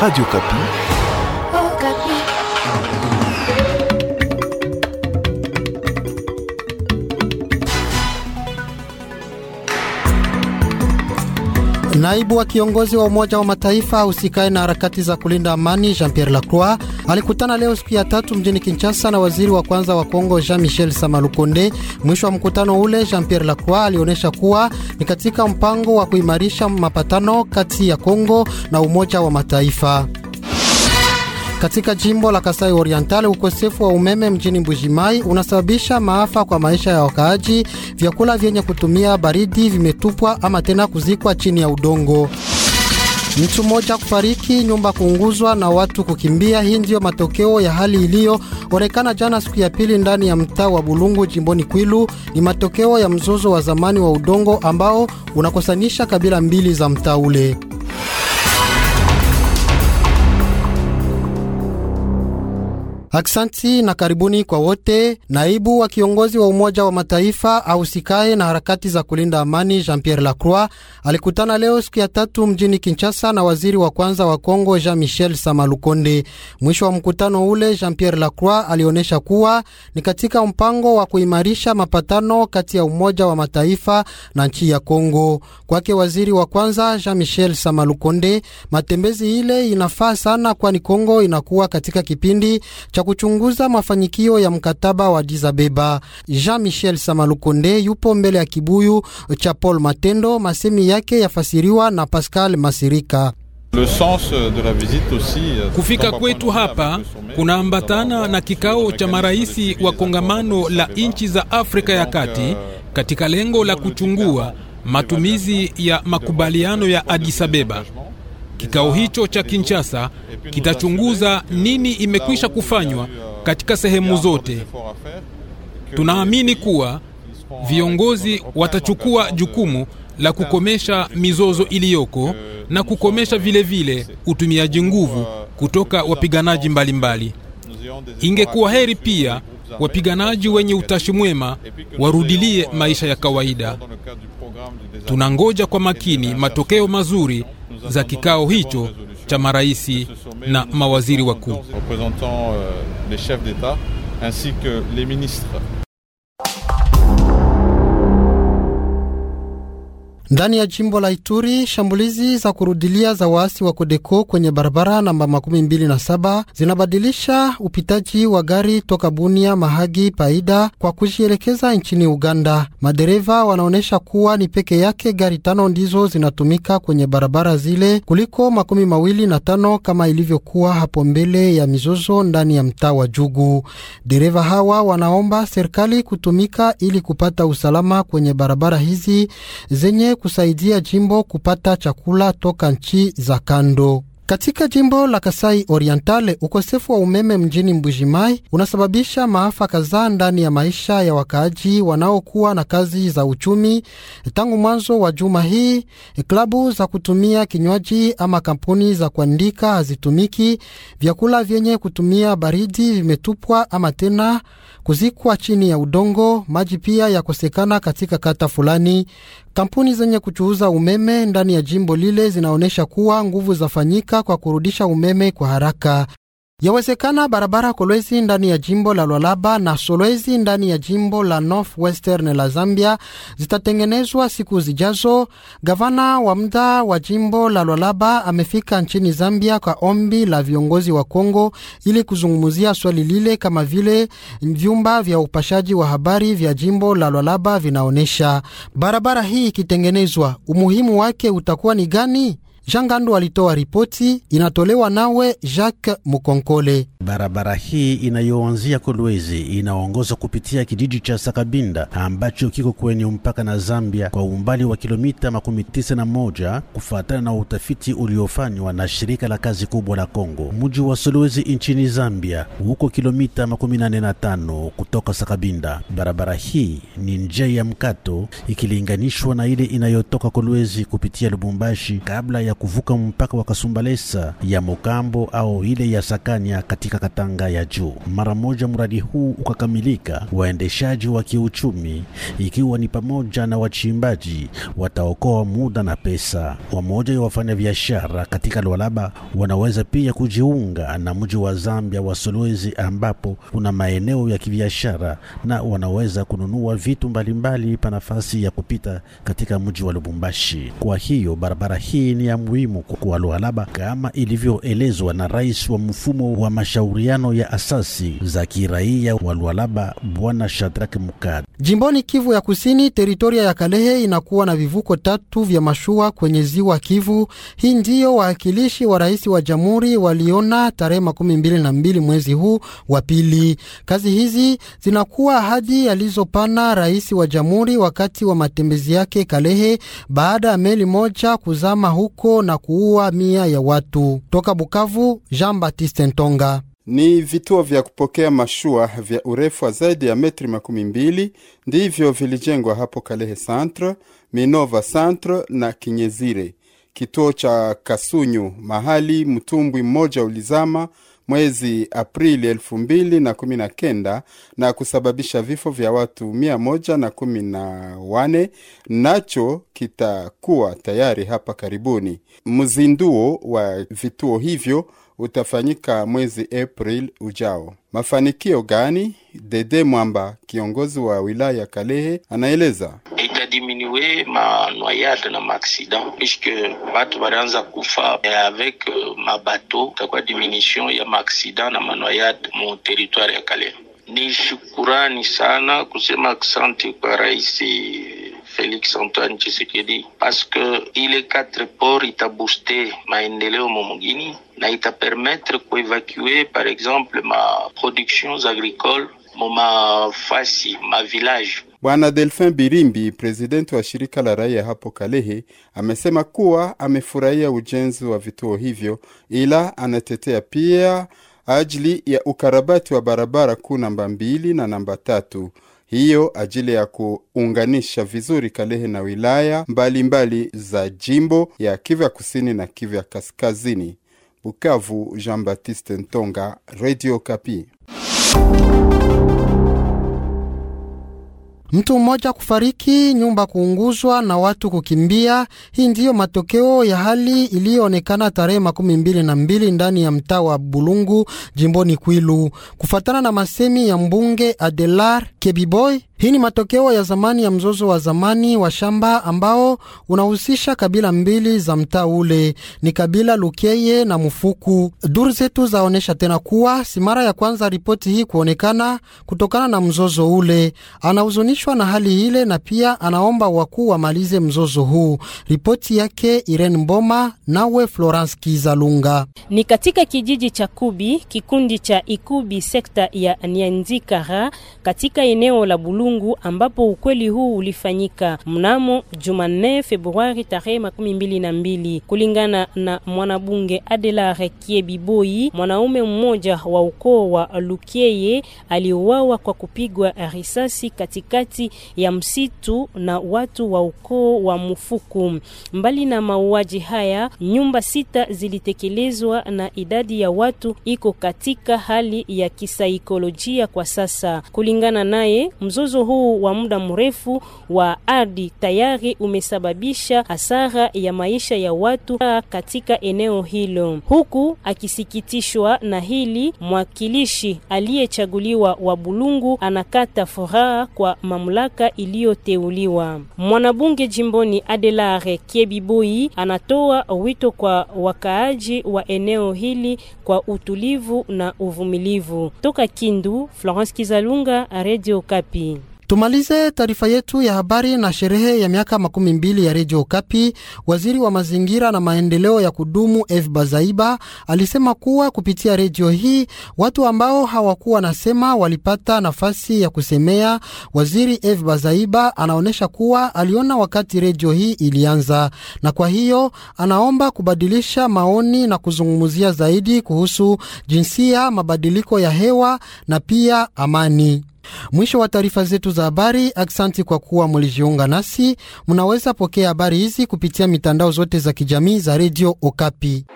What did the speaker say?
Radio Naibu wa kiongozi wa Umoja wa Mataifa usikae na harakati za kulinda amani Jean-Pierre Lacroix alikutana leo siku ya tatu mjini Kinshasa na waziri wa kwanza wa Kongo Jean-Michel Samalukonde. Mwisho wa mkutano ule, Jean-Pierre Lacroix alionyesha kuwa ni katika mpango wa kuimarisha mapatano kati ya Kongo na Umoja wa Mataifa. Katika jimbo la Kasai Oriental, ukosefu wa umeme mjini Mbujimai unasababisha maafa kwa maisha ya wakaaji. Vyakula vyenye kutumia baridi vimetupwa ama tena kuzikwa chini ya udongo. Mtu mmoja kufariki, nyumba kuunguzwa na watu kukimbia. Hii ndiyo matokeo ya hali iliyoonekana jana siku ya pili ndani ya mtaa wa Bulungu jimboni Kwilu. Ni matokeo ya mzozo wa zamani wa udongo ambao unakosanisha kabila mbili za mtaa ule. Aksanti na karibuni kwa wote. Naibu wa kiongozi wa Umoja wa Mataifa ausikaye na harakati za kulinda amani Jean-Pierre Lacroix alikutana leo siku ya tatu mjini Kinshasa na waziri wa kwanza wa Kongo Jean-Michel Samalukonde. Mwisho wa mkutano ule, Jean-Pierre Lacroix alionyesha kuwa ni katika mpango wa kuimarisha mapatano kati ya Umoja wa Mataifa na nchi ya Kongo. Kwake waziri wa kwanza Jean-Michel Samalukonde, matembezi ile inafaa sana, kwani Kongo inakuwa katika kipindi cha kuchunguza mafanikio ya mkataba wa Addis Ababa. Jean Michel Samalukonde yupo mbele ya kibuyu cha Paul Matendo, masemi yake yafasiriwa na Pascal Masirika. Euh, Kufika kwetu hapa kunaambatana na kikao cha maraisi wa kongamano la nchi za Afrika ya Kati euh, katika lengo la kuchungua matumizi ya makubaliano ya Addis Ababa. Kikao hicho cha Kinshasa kitachunguza nini imekwisha kufanywa katika sehemu zote. Tunaamini kuwa viongozi watachukua jukumu la kukomesha mizozo iliyoko na kukomesha vilevile vile utumiaji nguvu kutoka wapiganaji mbalimbali. Ingekuwa heri pia wapiganaji wenye utashi mwema warudilie maisha ya kawaida. Tunangoja kwa makini matokeo mazuri za kikao hicho cha maraisi na mawaziri wakuu. Ndani ya jimbo la Ituri, shambulizi za kurudilia za waasi wa Kodeko kwenye barabara namba makumi mbili na saba zinabadilisha upitaji wa gari toka Bunia, Mahagi, Paida kwa kujielekeza nchini Uganda. Madereva wanaonyesha kuwa ni peke yake gari tano ndizo zinatumika kwenye barabara zile kuliko makumi mawili na tano kama ilivyokuwa hapo mbele ya mizozo ndani ya mtaa wa Jugu. Dereva hawa wanaomba serikali kutumika ili kupata usalama kwenye barabara hizi zenye kusaidia jimbo kupata chakula toka nchi za kando. Katika jimbo la Kasai Orientale, ukosefu wa umeme mjini Mbujimai unasababisha maafa kadhaa ndani ya maisha ya wakaaji wanaokuwa na kazi za uchumi. Tangu mwanzo wa juma hii, klabu za kutumia kinywaji ama kampuni za kuandika hazitumiki. Vyakula vyenye kutumia baridi vimetupwa ama tena kuzikwa chini ya udongo. Maji pia yakosekana katika kata fulani. Kampuni zenye kuchuuza umeme ndani ya jimbo lile zinaonyesha kuwa nguvu zafanyika kwa kurudisha umeme kwa haraka. Yawezekana barabara Kolwezi ndani ya jimbo la Lwalaba na Solwezi ndani ya jimbo la Western la Zambia zitatengenezwa siku zijazo. Gavana wa mda wa jimbo la Lwalaba amefika nchini Zambia kwa ombi la viongozi wa Kongo ili kuzungumzia swali lile, kama vile vyumba vya upashaji wa habari vya jimbo la Lwalaba vinaonyesha. Barabara hii ikitengenezwa, umuhimu wake utakuwa ni gani? Jangandu alitoa ripoti inatolewa nawe Jacques Mukonkole. Barabara hii inayoanzia Kolwezi inaongoza kupitia kijiji cha Sakabinda ambacho kiko kwenye mpaka na Zambia kwa umbali wa kilomita makumi tisa na moja kufuatana na utafiti uliofanywa na shirika la kazi kubwa la Kongo. Mji wa Solwezi nchini Zambia huko kilomita makumi nane na tano kutoka Sakabinda. Barabara hii ni njia ya mkato ikilinganishwa na ile inayotoka Kolwezi kupitia Lubumbashi kabla ya kuvuka mpaka wa Kasumbalesa ya Mokambo au ile ya Sakanya katika Katanga ya juu. Mara moja mradi huu ukakamilika, waendeshaji wa kiuchumi ikiwa ni pamoja na wachimbaji wataokoa muda na pesa. Wamoja ya biashara katika Lualaba wanaweza pia kujiunga na mji wa Zambia wa Solwezi ambapo kuna maeneo ya kibiashara na wanaweza kununua vitu mbalimbali pa nafasi ya kupita katika mji wa Lubumbashi. Kwa hiyo barabara hii ni ya muhimu kwa Lualaba kama ilivyoelezwa na rais wa mfumo wa mashauriano ya asasi za kiraia wa Lualaba Bwana shadrak Mukad. Jimboni Kivu ya Kusini, teritoria ya Kalehe inakuwa na vivuko tatu vya mashua kwenye ziwa Kivu. Hii ndiyo waakilishi wa rais wa jamhuri waliona tarehe makumi mbili na mbili mwezi huu wa pili. Kazi hizi zinakuwa ahadi alizopana rais wa jamhuri wakati wa matembezi yake Kalehe baada ya meli moja kuzama huko na kuua mia ya watu. Toka Bukavu, Jean Baptiste Ntonga. Ni vituo vya kupokea mashua vya urefu wa zaidi ya metri makumi mbili ndivyo vilijengwa hapo Kalehe Centre, Minova Centre na Kinyezire. Kituo cha Kasunyu mahali mtumbwi mmoja ulizama mwezi Aprili elfu mbili na, kumi na kenda na kusababisha vifo vya watu mia moja na na kumi wane nacho kitakuwa tayari hapa karibuni. Mzinduo wa vituo hivyo utafanyika mwezi Aprili ujao. Mafanikio gani? Dede Mwamba, kiongozi wa wilaya ya Kalehe, anaeleza itadiminue manwayade na maaksida puisque batu baranza kufa eh, avec euh, mabato itakuwa diminution ya maaksidan na manoyade mu territoire ya Kalehe. Ni shukurani sana kusema asante kwa raisi Félix Antoine Tshisekedi parce que ile quatre ports itabooste maendeleo momugini na itapermettre kuevacue par exemple ma productions agricole ma village. Bwana delphin Birimbi, presidenti wa shirika la raia hapo Kalehe, amesema kuwa amefurahia ujenzi wa vituo hivyo, ila anatetea pia ajili ya ukarabati wa barabara kuu namba mbili na namba tatu hiyo ajili ya kuunganisha vizuri Kalehe na wilaya mbalimbali mbali za jimbo ya Kivya kusini na Kivya kaskazini. Bukavu, Jean Baptiste Ntonga, Radio Kapi. Mtu mmoja kufariki, nyumba kuunguzwa na watu kukimbia. Hii ndiyo matokeo ya hali iliyoonekana tarehe makumi mbili na mbili ndani ya mtaa wa Bulungu jimboni Kwilu, kufatana na masemi ya mbunge Adelar Kebiboy. Hii ni matokeo ya zamani ya mzozo wa zamani wa shamba ambao unahusisha kabila mbili za mtaa ule, ni kabila Lukeye na Mufuku. Duru zetu zaonyesha tena kuwa si mara ya kwanza ripoti hii kuonekana kutokana na mzozo ule. Anahuzunisha kusikitishwa na hali ile na pia anaomba wakuu wamalize mzozo huu. Ripoti yake Irene Mboma nawe Florence Kizalunga. Ni katika kijiji cha Kubi, kikundi cha Ikubi, sekta ya Nyanzikara katika eneo la Bulungu, ambapo ukweli huu ulifanyika mnamo Jumanne Februari tarehe makumi mbili na mbili, kulingana na mwanabunge adelar Kiebiboi, mwanaume mmoja wa ukoo wa Lukieye aliuawa kwa kupigwa risasi katika katikati ya msitu na watu wa ukoo wa Mufuku. Mbali na mauaji haya, nyumba sita zilitekelezwa na idadi ya watu iko katika hali ya kisaikolojia kwa sasa. Kulingana naye, mzozo huu wa muda mrefu wa ardhi tayari umesababisha hasara ya maisha ya watu katika eneo hilo, huku akisikitishwa na hili mwakilishi aliyechaguliwa wa Bulungu anakata furaha kwa ma mamlaka iliyoteuliwa. Mwanabunge jimboni Adelare Kiebiboi anatoa wito kwa wakaaji wa eneo hili kwa utulivu na uvumilivu. Toka Kindu, Florence Kizalunga, Radio Kapi. Tumalize taarifa yetu ya habari na sherehe ya miaka makumi mbili ya redio Kapi. Waziri wa mazingira na maendeleo ya kudumu F Bazaiba alisema kuwa kupitia redio hii watu ambao hawakuwa nasema walipata nafasi ya kusemea. Waziri F Bazaiba anaonyesha kuwa aliona wakati redio hii ilianza, na kwa hiyo anaomba kubadilisha maoni na kuzungumzia zaidi kuhusu jinsia, mabadiliko ya hewa na pia amani. Mwisho wa taarifa zetu za habari. Aksanti kwa kuwa mulijiunga nasi. Munaweza pokea habari hizi kupitia mitandao zote za kijamii za redio Okapi.